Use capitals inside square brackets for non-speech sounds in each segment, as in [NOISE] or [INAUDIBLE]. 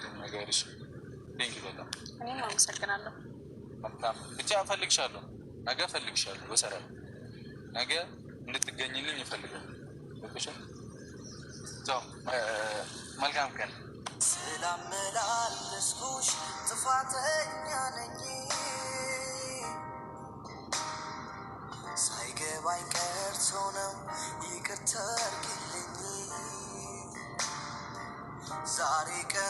ሁሉም ነገር እሺ። ቴንክ ዩ በጣም እኔም አመሰግናለሁ። በጣም ብቻ እፈልግሻለሁ፣ ነገ እፈልግሻለሁ። በሰራ ነገ እንድትገኝልኝ እፈልጋለሁ። መልካም ቀን። ስላመላለስኩሽ ጥፋተኛ ነኝ ሳይገባኝ ቀርቶ ነው ይቅር ተርግልኝ ዛሬ ቀን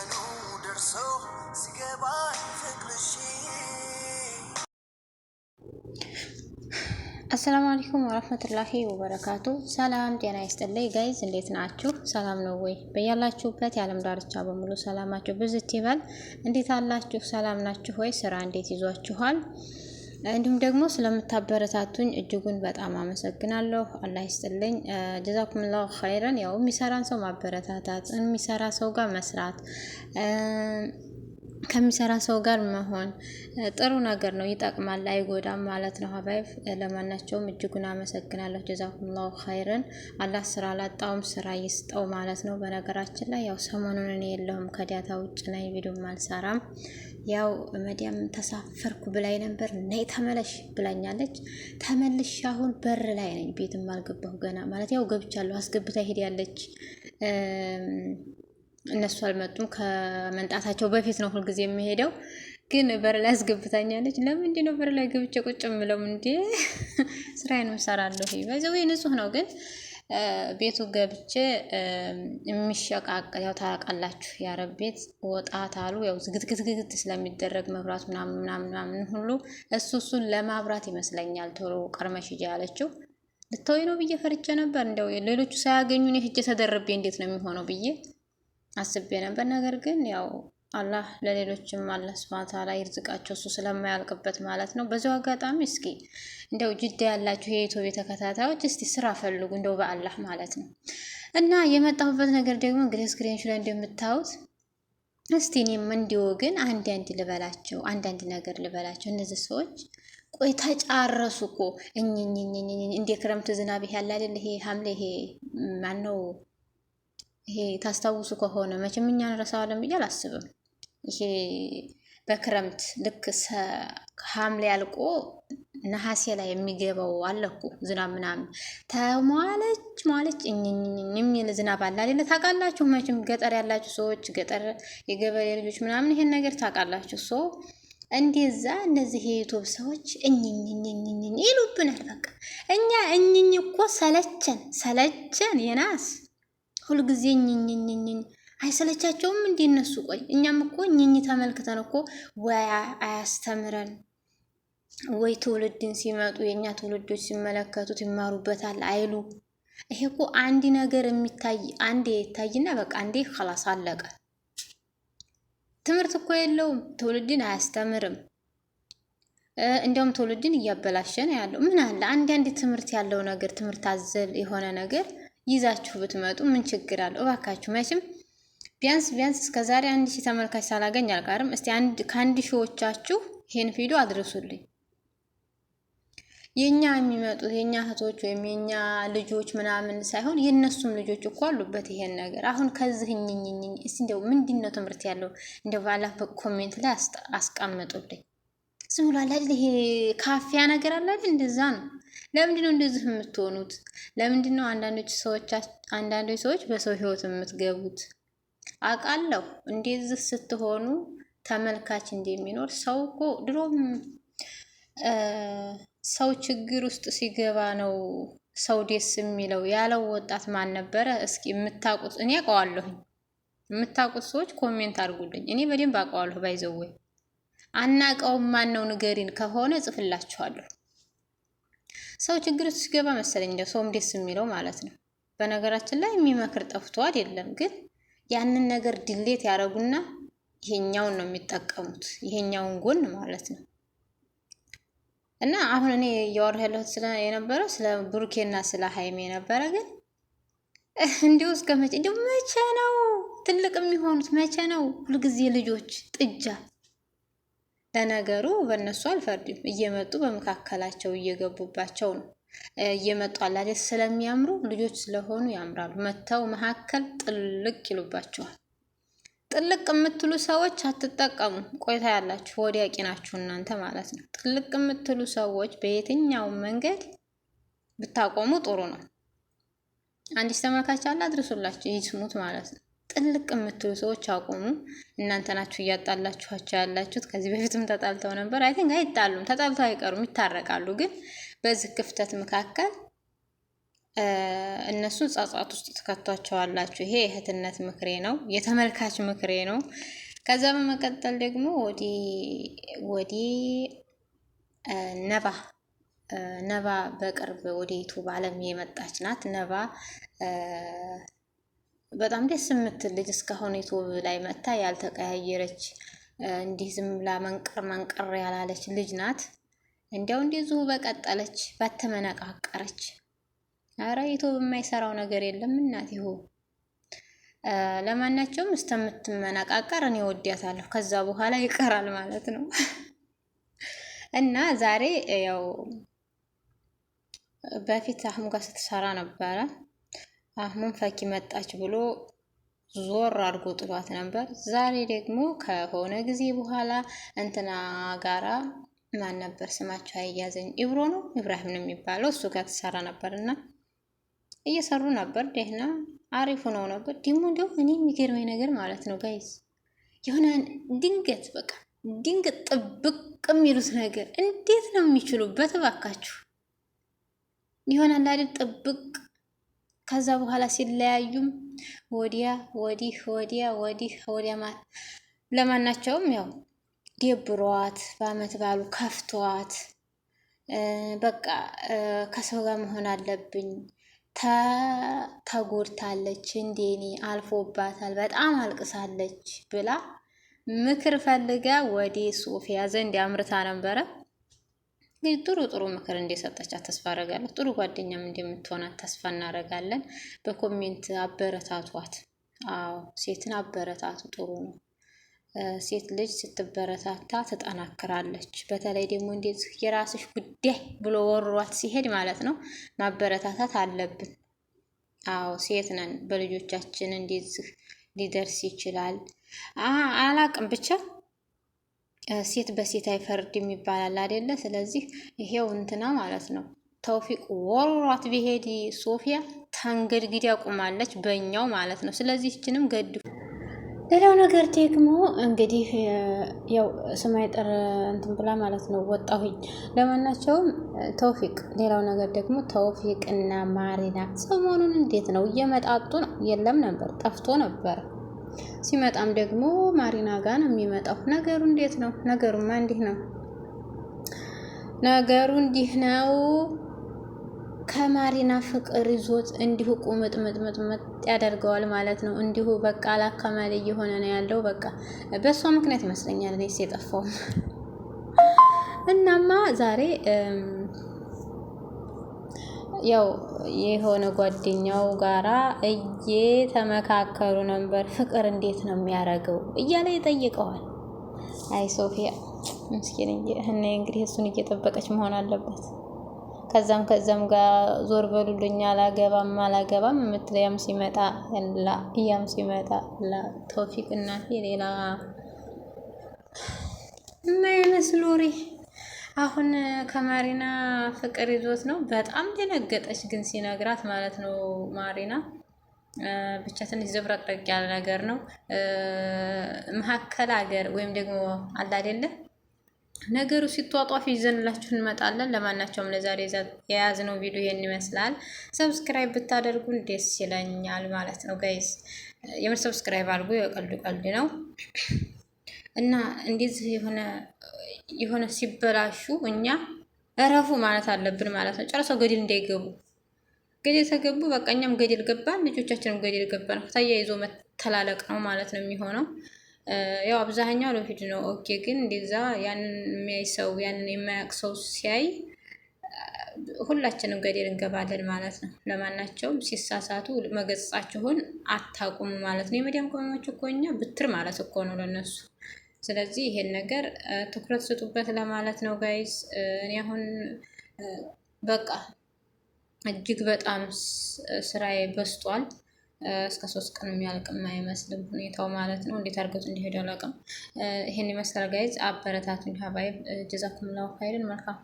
አሰላሙ አለይኩም ወራህመቱላሂ ወበረካቱ። ሰላም ጤና ይስጥልኝ ጋይዝ፣ እንዴት ናችሁ? ሰላም ነው ወይ? በያላችሁበት የዓለም ዳርቻ በሙሉ ሰላማችሁ ብዝት ይበል። እንዴት አላችሁ? ሰላም ናችሁ ወይ? ስራ እንዴት ይዟችኋል? እንዲሁም ደግሞ ስለምታበረታቱኝ እጅጉን በጣም አመሰግናለሁ። አላህ ይስጥልኝ። ጀዛኩምላሁ ኸይረን። ያው የሚሰራን ሰው ማበረታታት፣ የሚሰራ ሰው ጋር መስራት ከሚሰራ ሰው ጋር መሆን ጥሩ ነገር ነው፣ ይጠቅማል፣ አይጎዳም ማለት ነው። ሀባይፍ ለማናቸውም እጅጉን አመሰግናለሁ። ጀዛኩምላሁ ኸይርን። አላህ ስራ ላጣውም ስራ ይስጠው ማለት ነው። በነገራችን ላይ ያው ሰሞኑን እኔ የለሁም ከዲያታ ውጭ ነኝ፣ ቪዲዮም አልሰራም። ያው መዲያም ተሳፈርኩ ብላኝ ነበር፣ ነይ ተመለሽ ብላኛለች። ተመልሽ አሁን በር ላይ ነኝ፣ ቤትም አልገባሁ ገና ማለት ያው ገብቻለሁ፣ አስገብታ ሄድ ያለች እነሱ አልመጡም። ከመንጣታቸው በፊት ነው ሁልጊዜ የሚሄደው። ግን በር ላይ አስገብታኛለች። ለምንድን ነው በር ላይ ገብቼ ቁጭ የምለው? እንዴ [LAUGHS] ስራዬን እሰራለሁ። ወይ ንጹህ ነው ግን ቤቱ ገብቼ የሚሸቃቅ ያው ታውቃላችሁ፣ የአረብ ቤት ወጣት አሉ ያው ዝግትግትግት ስለሚደረግ መብራቱ ምናምን ምናምን ምናምን ሁሉ እሱ እሱን ለማብራት ይመስለኛል ቶሎ ቀርመሽ ሂጂ ያለችው። ልታወይ ነው ብዬ ፈርቼ ነበር። እንደው ሌሎቹ ሳያገኙን ሂጄ ተደርቤ እንዴት ነው የሚሆነው ብዬ አስቤ ነበር። ነገር ግን ያው አላህ ለሌሎችም አላህ ሱብሃነ ወተዓላ ይርዝቃቸው እሱ ስለማያልቅበት ማለት ነው። በዚሁ አጋጣሚ እስኪ እንደው ጅዳ ያላችሁ የኢትዮ ተከታታዮች እስቲ ስራ ፈልጉ እንደው በአላህ ማለት ነው። እና የመጣሁበት ነገር ደግሞ እንግዲህ ስክሪንሹ ላይ እንደምታዩት እስቲ እኔም እንዲሁ ግን አንዳንድ ልበላቸው አንዳንድ ነገር ልበላቸው እነዚህ ሰዎች ቆይ ተጫረሱ እኮ እኝኝኝኝ እንደ ክረምት ዝናብ ያላል ይሄ ሐምሌ ይሄ ማነው ይሄ ታስታውሱ ከሆነ መቼም እኛ እንረሳዋለን ብዬ አላስብም። ይሄ በክረምት ልክ ሐምሌ አልቆ ነሐሴ ላይ የሚገባው አለኩ ዝናብ ምናምን ተሟለች ሟለች የሚል ዝናብ አለ አይደለ? ታውቃላችሁ መቼም ገጠር ያላችሁ ሰዎች ገጠር የገበሬ ልጆች ምናምን ይሄን ነገር ታውቃላችሁ። ሶ እንደዛ እነዚህ የዩቱብ ሰዎች እኝኝኝኝኝኝ ይሉብናል። በቃ እኛ እኝኝ እኮ ሰለቸን ሰለቸን የናስ ሁልጊዜ ኝኝኝኝኝ አይሰለቻቸውም እንዴ እነሱ? ቆይ እኛም እኮ እኝኝ ተመልክተን እኮ ወይ አያስተምረን ወይ ትውልድን ሲመጡ የእኛ ትውልዶች ሲመለከቱት ይማሩበታል አይሉ። ይሄ እኮ አንድ ነገር የሚታይ አንዴ ይታይና በቃ አንዴ ከላስ አለቀ። ትምህርት እኮ የለውም፣ ትውልድን አያስተምርም። እንዲያውም ትውልድን እያበላሸ ነው ያለው። ምን አለ አንዳንድ ትምህርት ያለው ነገር ትምህርት አዘል የሆነ ነገር ይዛችሁ ብትመጡ ምን ችግር አለው? እባካችሁ መቼም ቢያንስ ቢያንስ እስከ ዛሬ አንድ ሺህ ተመልካች ሳላገኝ አልቀርም። እስቲ አንድ ከአንድ ሺዎቻችሁ ይህን ቪዲዮ አድርሱልኝ። የእኛ የሚመጡት የእኛ እህቶች ወይም የእኛ ልጆች ምናምን ሳይሆን የእነሱም ልጆች እኮ አሉበት ይሄን ነገር። አሁን ከዚህ ኝኝኝኝ እስቲ እንደው ምንድን ነው ትምህርት ያለው እንደው ባላፈ ኮሜንት ላይ አስቀምጡልኝ። ዝም ብሎ አላጭ ይሄ ካፊያ ነገር አለ እንደዛ ነው። ለምንድን ነው እንደዚህ የምትሆኑት? ለምንድን ነው አንዳንዶች ሰዎች አንዳንዶች ሰዎች በሰው ህይወት የምትገቡት? አውቃለሁ እንደዚህ ስትሆኑ ተመልካች እንደሚኖር ሰው እኮ ድሮም ሰው ችግር ውስጥ ሲገባ ነው ሰው ደስ የሚለው ያለው ወጣት ማን ነበረ? እስኪ የምታውቁት እኔ አውቀዋለሁኝ። የምታውቁት ሰዎች ኮሜንት አድርጉልኝ። እኔ በደንብ አውቀዋለሁ። ባይዘወይ አናቀው ማን ነው ንገሪን ከሆነ ጽፍላችኋለሁ። ሰው ችግር ውስጥ ሲገባ መሰለኝ እንደ ሰውም ደስ የሚለው ማለት ነው። በነገራችን ላይ የሚመክር ጠፍቶ አይደለም፣ ግን ያንን ነገር ድሌት ያደረጉና ይሄኛውን ነው የሚጠቀሙት፣ ይሄኛውን ጎን ማለት ነው። እና አሁን እኔ እያወራሁ ያለሁት የነበረው ስለ ብሩኬና ስለ ሀይሜ የነበረ ግን እንዲሁ እስከ መቼ እንዲሁ መቼ ነው ትልቅ የሚሆኑት? መቼ ነው ሁልጊዜ ልጆች ጥጃ ለነገሩ በእነሱ አልፈርድም። እየመጡ በመካከላቸው እየገቡባቸው ነው እየመጡ አላደ ስለሚያምሩ ልጆች ስለሆኑ ያምራሉ። መተው መካከል ጥልቅ ይሉባቸዋል። ጥልቅ የምትሉ ሰዎች አትጠቀሙ፣ ቆይታ ያላችሁ ወዲያቂ ናችሁ እናንተ ማለት ነው። ጥልቅ የምትሉ ሰዎች በየትኛው መንገድ ብታቆሙ ጥሩ ነው። አንዲት ተመልካች አለ፣ አድርሱላቸው፣ ይስሙት ማለት ነው። ጥልቅ የምትሉ ሰዎች አቁሙ። እናንተ ናችሁ እያጣላችኋቸው ያላችሁት። ከዚህ በፊትም ተጣልተው ነበር። አይ ቲንክ አይጣሉም፣ ተጣልተው አይቀሩም፣ ይታረቃሉ። ግን በዚህ ክፍተት መካከል እነሱን ጻጻት ውስጥ ትከቷቸዋላችሁ። ይሄ የእህትነት ምክሬ ነው፣ የተመልካች ምክሬ ነው። ከዛ በመቀጠል ደግሞ ወደ ነባ ነባ በቅርብ ወደ ዩቱብ አለም የመጣች ናት ነባ በጣም ደስ የምትል ልጅ እስካሁን ዩቱብ ላይ መታ ያልተቀያየረች እንዲህ ዝም ብላ መንቀር መንቀር ያላለች ልጅ ናት። እንዲያው እንደዚሁ በቀጠለች ባተመነቃቀረች። አረ ዩቱብ የማይሰራው ነገር የለም እናት ይሁ ለማናቸውም እስከምትመነቃቀር እኔ ወዲያታለሁ። ከዛ በኋላ ይቀራል ማለት ነው። እና ዛሬ ያው በፊት አህሙ ጋር ስትሰራ ነበረ አሁን ፈኪ መጣች ብሎ ዞር አድርጎ ጥሏት ነበር። ዛሬ ደግሞ ከሆነ ጊዜ በኋላ እንትና ጋራ ማን ነበር ስማቸው አያዘኝ፣ ኢብሮ ነው ኢብራሂም ነው የሚባለው እሱ ጋር ትሰራ ነበር እና እየሰሩ ነበር። ደህና አሪፉ ነው ነበር። ደግሞ እንዲያው እኔ የሚገርመኝ ነገር ማለት ነው ጋይዝ የሆነ ድንገት በቃ ድንገት ጥብቅ የሚሉት ነገር እንዴት ነው የሚችሉበት? እባካችሁ የሆነ አይደል ጥብቅ ከዛ በኋላ ሲለያዩም ወዲያ ወዲህ ወዲያ ወዲህ ወዲያ ለማናቸውም ያው ደብሯት በአመት ባሉ ከፍቷት በቃ ከሰው ጋር መሆን አለብኝ ተጎድታለች፣ እንዴኔ አልፎባታል፣ በጣም አልቅሳለች ብላ ምክር ፈልጋ ወደ ሶፊያ ዘንድ አምርታ ነበረ። እንግዲህ ጥሩ ጥሩ ምክር እንደሰጠቻት ተስፋ አረጋለሁ። ጥሩ ጓደኛም እንደምትሆናት ተስፋ እናረጋለን። በኮሜንት አበረታቷት። አዎ ሴትን አበረታቱ፣ ጥሩ ነው። ሴት ልጅ ስትበረታታ ትጠናክራለች። በተለይ ደግሞ እንደዚህ የራስሽ ጉዳይ ብሎ ወሯት ሲሄድ ማለት ነው ማበረታታት አለብን። አዎ ሴት ነን፣ በልጆቻችን እንደዚህ ሊደርስ ይችላል። አላቅም ብቻ ሴት በሴት አይፈርድም ይባላል አይደለ? ስለዚህ ይሄው እንትና ማለት ነው ተውፊቅ ወሯት ቢሄድ ሶፊያ ታንገድግዳ ያቁማለች በእኛው ማለት ነው። ስለዚህ ይችንም ገድ ሌላው ነገር ደግሞ እንግዲህ ያው ስማይጠር እንትን ብላ ማለት ነው ወጣሁኝ። ለማናቸውም ተውፊቅ ሌላው ነገር ደግሞ ተውፊቅ እና ማሪና ሰሞኑን እንዴት ነው እየመጣጡ ነው? የለም ነበር ጠፍቶ ነበር። ሲመጣም ደግሞ ማሪና ጋር ነው የሚመጣው። ነገሩ እንዴት ነው? ነገሩማ እንዲህ ነው። ነገሩ እንዲህ ነው። ከማሪና ፍቅር ይዞት እንዲሁ ቁምጥምጥምጥምጥ ያደርገዋል ማለት ነው። እንዲሁ በቃ አላካማል እየሆነ ነው ያለው። በቃ በእሷ ምክንያት ይመስለኛል እኔስ የጠፋውም እናማ ዛሬ ያው የሆነ ጓደኛው ጋራ እየተመካከሩ ነበር። ፍቅር እንዴት ነው የሚያደርገው እያለ ይጠይቀዋል። አይ ሶፊያ ምስኪን እኔ እንግዲህ እሱን እየጠበቀች መሆን አለበት። ከዛም ከዛም ጋር ዞር በሉልኝ አላገባም አላገባም የምትለ ያም ሲመጣ ላ እያም ሲመጣ ላ ተውፊቅ እና ሌላ የማይመስል ወሬ አሁን ከማሪና ፍቅር ይዞት ነው። በጣም ደነገጠች ግን ሲነግራት ማለት ነው ማሪና ብቻ ትንሽ ዘብረቅረቅ ያለ ነገር ነው። መካከል ሀገር ወይም ደግሞ አላደለ አይደለ ነገሩ ሲጧጧፍ ይዘንላችሁ እንመጣለን። ለማናቸውም ለዛሬ የያዝነው ቪዲዮ ይህን ይመስላል። ሰብስክራይብ ብታደርጉን ደስ ይለኛል ማለት ነው ጋይስ። የምር ሰብስክራይብ አድርጉ። የቀልዱ ቀልድ ነው። እና እንደዚህ የሆነ የሆነ ሲበላሹ እኛ እረፉ ማለት አለብን ማለት ነው። ጨርሰው ገደል እንዳይገቡ። ገደል ተገቡ በቃ እኛም ገደል ገባን፣ ልጆቻችንም ገደል ገባን። ተያይዞ መተላለቅ ነው ማለት ነው የሚሆነው። ያው አብዛኛው ለፊድ ነው። ኦኬ ግን እንደዛ ያንን የሚያይ ሰው ያንን የማያውቅ ሰው ሲያይ ሁላችንም ገደል እንገባለን ማለት ነው። ለማናቸውም ሲሳሳቱ መገጸጻችሁን አታቁሙ ማለት ነው። የመዲያም ቅመሞች እኮ እኛ ብትር ማለት እኮ ነው ለነሱ ስለዚህ ይሄን ነገር ትኩረት ስጡበት ለማለት ነው ጋይዝ። እኔ አሁን በቃ እጅግ በጣም ስራዬ በስጧል። እስከ ሶስት ቀን የሚያልቅም አይመስልም ሁኔታው ማለት ነው። እንዴት አድርገት እንዲሄድ አላውቅም። ይሄን ይመስላል ጋይዝ። አበረታቱኝ ሀባይ ጀዛኩምላሁ ሀይልን መልካም